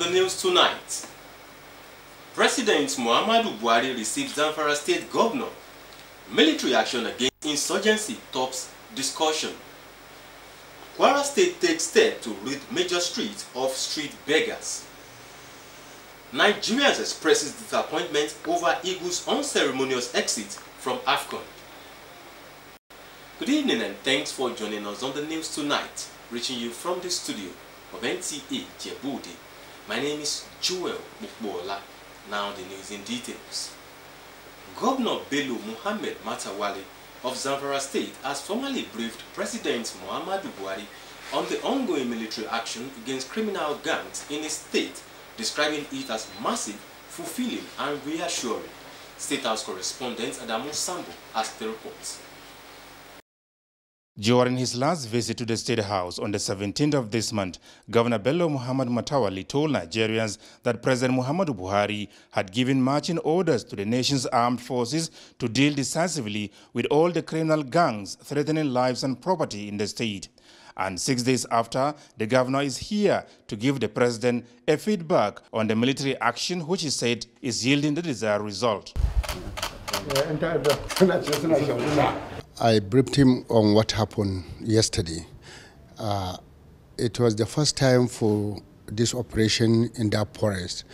the news tonight. President Muhammadu Buhari receives Zamfara state governor. Military action against insurgency tops discussion. Kwara state takes step to rid major streets of street beggars. Nigerians expresses disappointment over Eagles' unceremonious exit from AFCON. Good evening and thanks for joining us on the news tonight, reaching you from the studio of NTA Djibouti. My name is Joel Mukbola. Now the news in details. Governor Bello Muhammad Matawale of Zamfara State has formally briefed President Muhammadu Buhari on the ongoing military action against criminal gangs in his state, describing it as massive, fulfilling and reassuring. State House correspondent Adamu Sambo has the report. During his last visit to the State House on the 17th of this month, Governor Bello Muhammad Matawali told Nigerians that President Muhammadu Buhari had given marching orders to the nation's armed forces to deal decisively with all the criminal gangs threatening lives and property in the state. And six days after, the governor is here to give the president a feedback on the military action which he said is yielding the desired result. Uh, I briefed him on what happened yesterday. Uh, it was the first time for this operation in that forest.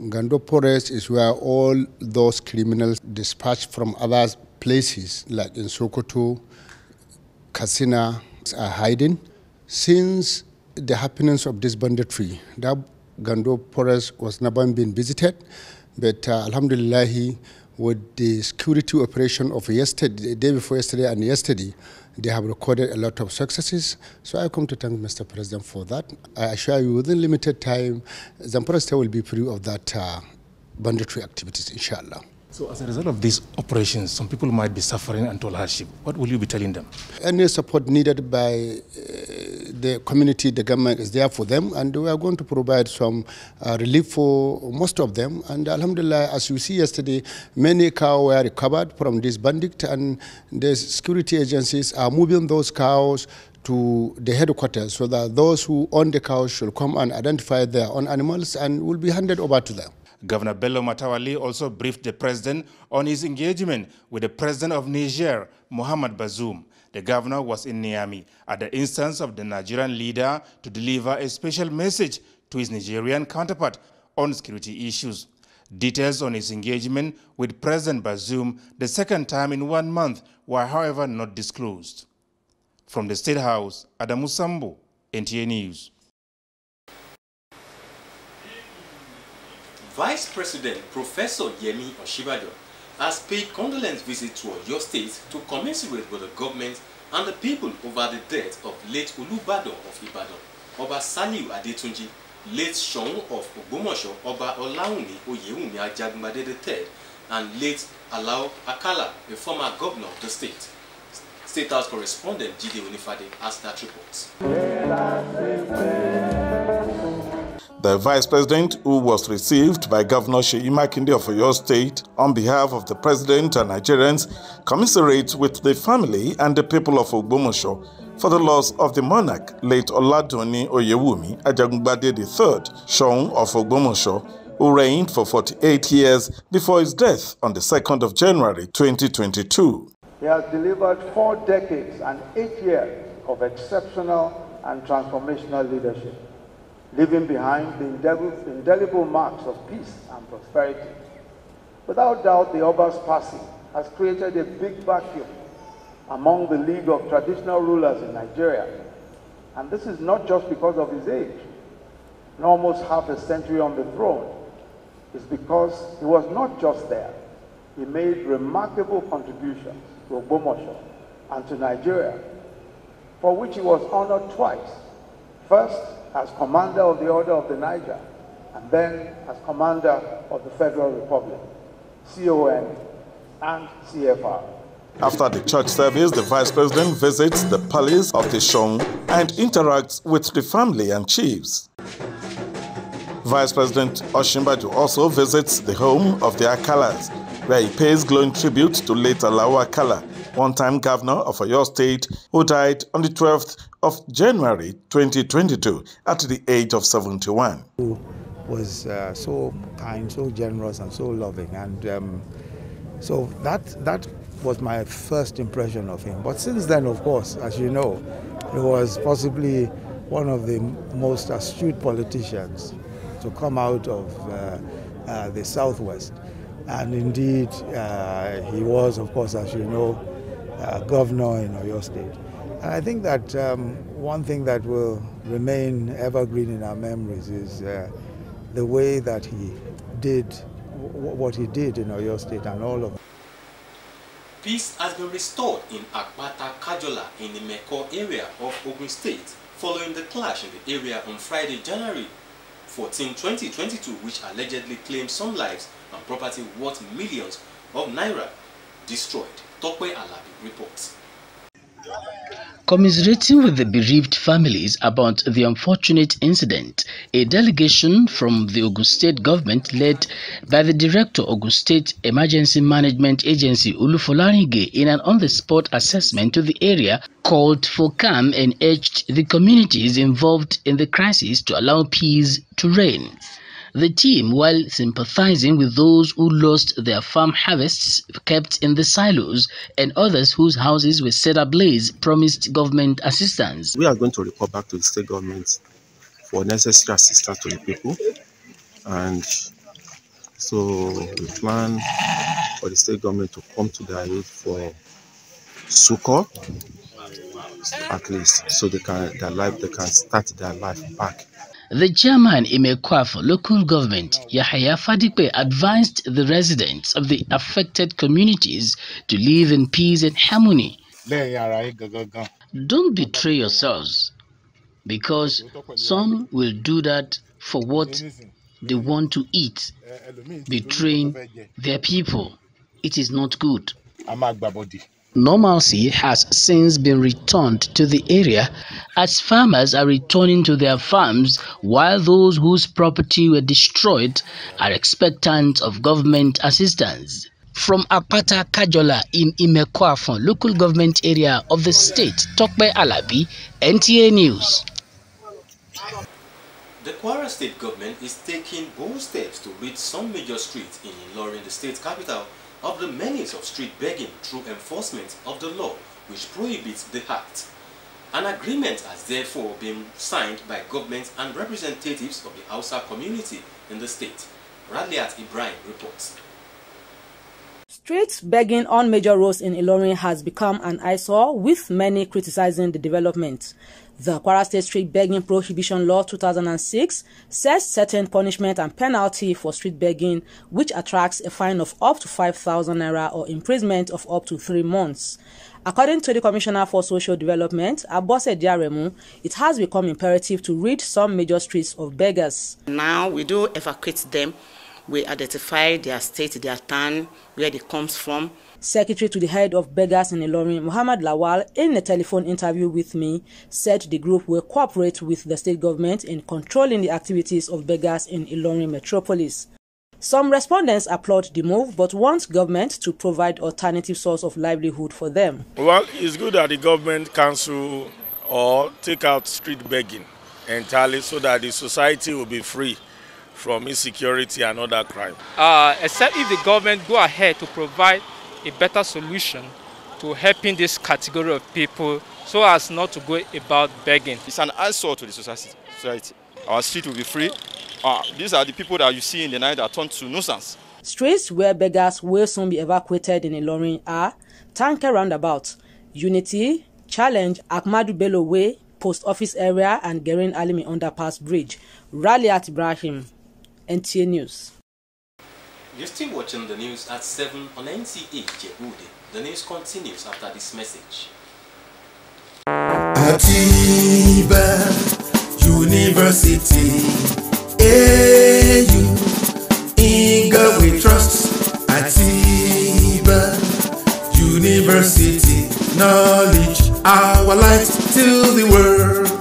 Gando forest is where all those criminals dispatched from other places like in Sokoto, Katsina are hiding. Since the happenings of this banditry, that Gando forest was never been visited, but uh, alhamdulillah, with the security operation of yesterday, the day before yesterday and yesterday, they have recorded a lot of successes. So I come to thank Mr. President for that. I assure you, within limited time, Zamfara State will be free of that uh, banditry activities, inshallah. So as a result of these operations, some people might be suffering untold hardship. What will you be telling them? Any support needed by uh, the community, the government is there for them, and we are going to provide some uh, relief for most of them. And alhamdulillah, as you see yesterday, many cows were recovered from this bandit, and the security agencies are moving those cows to the headquarters so that those who own the cows should come and identify their own animals and will be handed over to them. Governor Bello Matawali also briefed the president on his engagement with the president of Niger, Mohamed Bazoum. The governor was in Niamey at the instance of the Nigerian leader to deliver a special message to his Nigerian counterpart on security issues. Details on his engagement with President Bazoum the second time in one month were, however, not disclosed. From the State House, Adamu Sambo, NTA News. Vice President Professor Yemi Oshibajo has paid condolence visit to your State to commiserate with the government and the people over the death of late Olubadan of Ibadan, Oba Saliu Adetunji, late Seun of Ogbomoso, Oba Olawunmi Oyewunmi Ajagunmade III, and late Alao Akala, a former governor of the state. State House correspondent Jide Onifade has that report. The vice president, who was received by Governor Sheyi Makinde of Oyo State on behalf of the president and Nigerians, commiserates with the family and the people of Ogbomosho for the loss of the monarch, late Oladuni Oyewumi Ajagungbade III, Shoun of Ogbomosho, who reigned for 48 years before his death on the 2nd of January 2022. He has delivered four decades and eight years of exceptional and transformational leadership, leaving behind the indelible, marks of peace and prosperity. Without doubt, the Oba's passing has created a big vacuum among the League of Traditional Rulers in Nigeria. And this is not just because of his age. In almost half a century on the throne, it's because he was not just there. He made remarkable contributions to Ogbomoso and to Nigeria, for which he was honored twice, first as commander of the Order of the Niger, and then as commander of the Federal Republic, CON and CFR. After the church service, the vice president visits the palace of the Shong and interacts with the family and chiefs. Vice President Oshimbajo also visits the home of the Akalas, where he pays glowing tribute to late Alawa Kala, one-time governor of Oyo State, who died on the 12th of January 2022 at the age of 71. Who was uh, so kind, so generous, and so loving, and um, so that that was my first impression of him. But since then, of course, as you know, he was possibly one of the most astute politicians to come out of uh, uh, the Southwest. And indeed, uh, he was, of course, as you know, uh, governor in Oyo State. And I think that um, one thing that will remain evergreen in our memories is uh, the way that he did what he did in Oyo State and all of Peace has been restored in Akbata Kajola in the Meko area of Ogun State following the clash in the area on Friday, January 14, 2022, which allegedly claimed some lives and property worth millions of naira destroyed, Tokwe Alabi reports. Commiserating with the bereaved families about the unfortunate incident, a delegation from the Ogun State government led by the director of Ogun State Emergency Management Agency Ulufolaringe in an on-the-spot assessment to the area called for calm and urged the communities involved in the crisis to allow peace to reign. The team, while sympathizing with those who lost their farm harvests kept in the silos and others whose houses were set ablaze, promised government assistance. We are going to report back to the state government for necessary assistance to the people. And so we plan for the state government to come to their aid for succor at least so they can their life they can start their life back the chairman Imekwafo local government, Yahaya Fadipe, advised the residents of the affected communities to live in peace and harmony. Don't betray yourselves because some will do that for what they want to eat, betraying their people. It is not good. Normalcy has since been returned to the area as farmers are returning to their farms while those whose property were destroyed are expectant of government assistance. From Apata Kajola in Imekwafon, local government area of the state, Tokbe Alabi, NTA News. The Kwara state government is taking bold steps to rid some major streets in Ilorin, the state capital, of the menace of street begging through enforcement of the law which prohibits the act. An agreement has therefore been signed by government and representatives of the Hausa community in the state. Radliat Ibrahim reports. Street begging on major roads in Ilorin has become an eyesore, with many criticizing the development. The Kwara State Street Begging Prohibition Law 2006 sets certain punishment and penalty for street begging, which attracts a fine of up to 5,000 naira or imprisonment of up to three months. According to the Commissioner for Social Development, Abose Diaremu, it has become imperative to rid some major streets of beggars. Now we do evacuate them. We identify their state, their town, where they comes from, secretary to the head of beggars in Ilorin, Muhammad Lawal, in a telephone interview with me, said the group will cooperate with the state government in controlling the activities of beggars in Ilorin metropolis. Some respondents applaud the move but want government to provide alternative source of livelihood for them. Well, it's good that the government cancel or take out street begging entirely so that the society will be free from insecurity and other crime. Uh, except if the government go ahead to provide a better solution to helping this category of people so as not to go about begging. It's an answer to the society. Our street will be free. Uh, these are the people that you see in the night that turn to nuisance. Streets where beggars will soon be evacuated in Ilorin are Tanker Roundabout, Unity, Challenge, Akmadu Bello Way, Post Office Area, and Gerin Alimi Underpass Bridge. Rally at Ibrahim, NTA News. You're still watching the news at 7 on NCA Jehudi. The news continues after this message. Atiba University AU Inga we trust Atiba University Knowledge our light till the world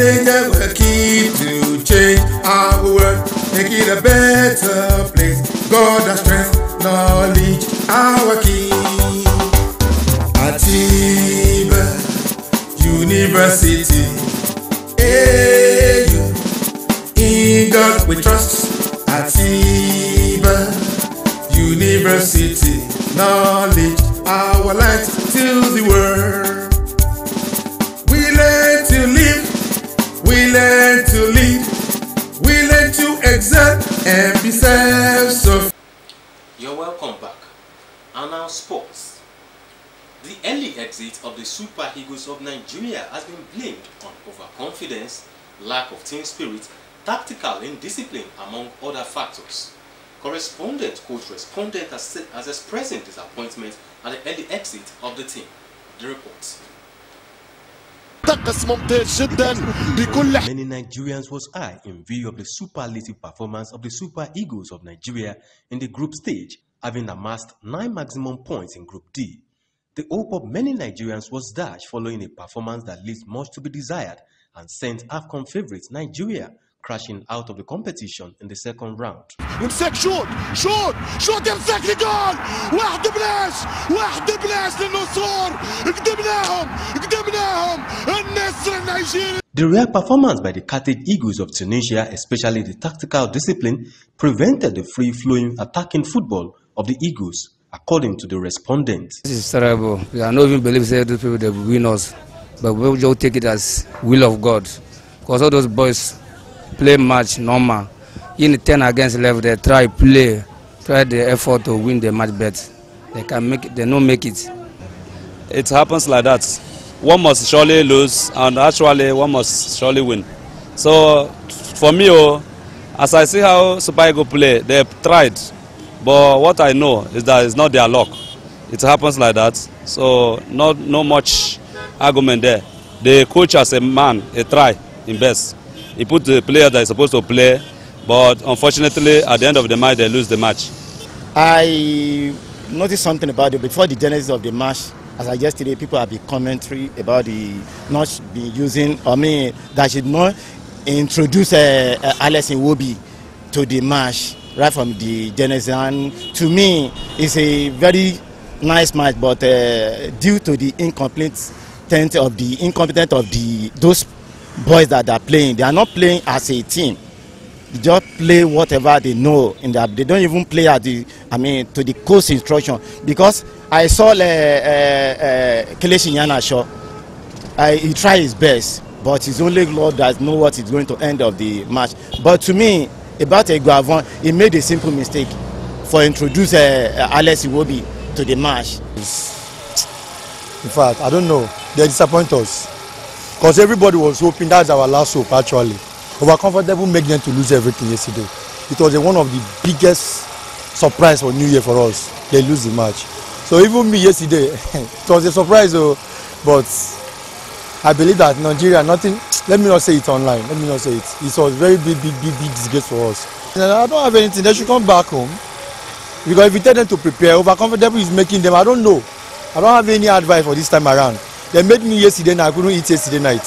Niger will keep to change our world, make it a better place. God has strength, knowledge, our key. Atiba University, AU, in God we trust. Atiba University, knowledge, our light to the world. exact and be self You're welcome back. And now sports. The early exit of the Super Eagles of Nigeria has been blamed on overconfidence, lack of team spirit, tactical indiscipline among other factors. Correspondent coach respondent has, as expressing disappointment at the early exit of the team. The report. ممتاز جدا بكل Many Nigerians was I in view of the superlative performance of the Super Eagles of Nigeria in the group stage, having amassed 9 maximum points in Group D. The hope of many Nigerians was dashed following a performance that leaves much to be desired and sent AFCON favourites Nigeria crashing out of the competition in the second round. واحد بلاش واحد بلاش قدمناهم قدمناهم النصر The rare performance by the Carthage Eagles of Tunisia, especially the tactical discipline, prevented the free-flowing attacking football of the Eagles, according to the respondents. This is terrible. I don't even believe these people they win us, but we'll just take it as will of God. Because all those boys, play match normal. In 10 against 11, they try play, try the effort to win the match, but they can make it, they don't make it. It happens like that. One must surely lose, and actually one must surely win. So for me, oh, as I see how Super Eagles play, they tried, but what I know is that it's not their luck. It happens like that. So not no much argument there. The coach as a man, he try in best. He put the players that are supposed to play, but unfortunately, at the end of the match, they lose the match. I noticed something about it before the genesis of the match. As I yesterday, people have been commentary about the not being using. I mean, that should not introduce uh, uh, Alex Iwobi to the match right from the genesis. And to me, it's a very nice match, but uh, due to the incomplete of the incompetent of the those boys that are playing. They are not playing as a team. They just play whatever they know in that they don't even play at the I mean to the coach instruction because I saw uh, uh, uh, Kelechi Iheanacho I, he tried his best but his only Lord that know what is going to end of the match but to me about Egbuavon he made a simple mistake for introduce uh, uh, Alex Iwobi to the match. in fact I don't know they disappoint us because everybody was hoping that's our last hope actually we're comfortable make them to lose everything yesterday it was a, one of the biggest surprise for new year for us they lose the match so even me yesterday it was a surprise o but i believe that nigeria nothing let me not say it online let me not say it it was very big big big big disgrace for us and i don't have anything they should come back home because if you tell them to prepare comfortable is making them i don't know i don't have any advice for this time around They made me yesterday and I couldn't eat yesterday night.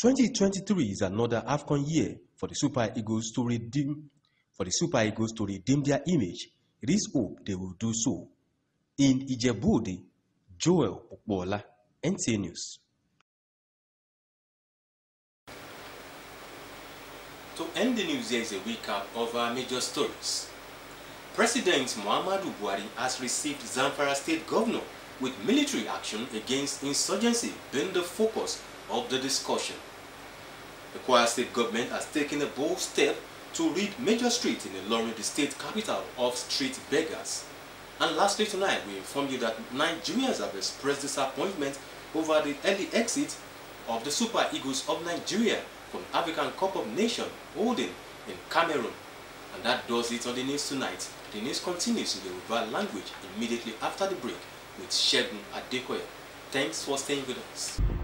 2023 is another AFCON year for the Super Eagles to redeem for the Super Eagles to redeem their image. It is hope they will do so. In Ijebuode, Joel Okbola, NTA News. To end the news, here is a recap of our major stories. President Muhammadu Buhari has received Zamfara State Governor with military action against insurgency being the focus of the discussion. The Kwara state government has taken a bold step to rid major streets in Ilorin, the state capital, of street beggars. And lastly tonight, we inform you that Nigerians have expressed disappointment over the early exit of the Super Eagles of Nigeria from African Cup of Nations holding in Cameroon. And that does it on the news tonight. The news continues in the Yoruba language immediately after the break with Shegun Adekoya. Thanks for staying with us.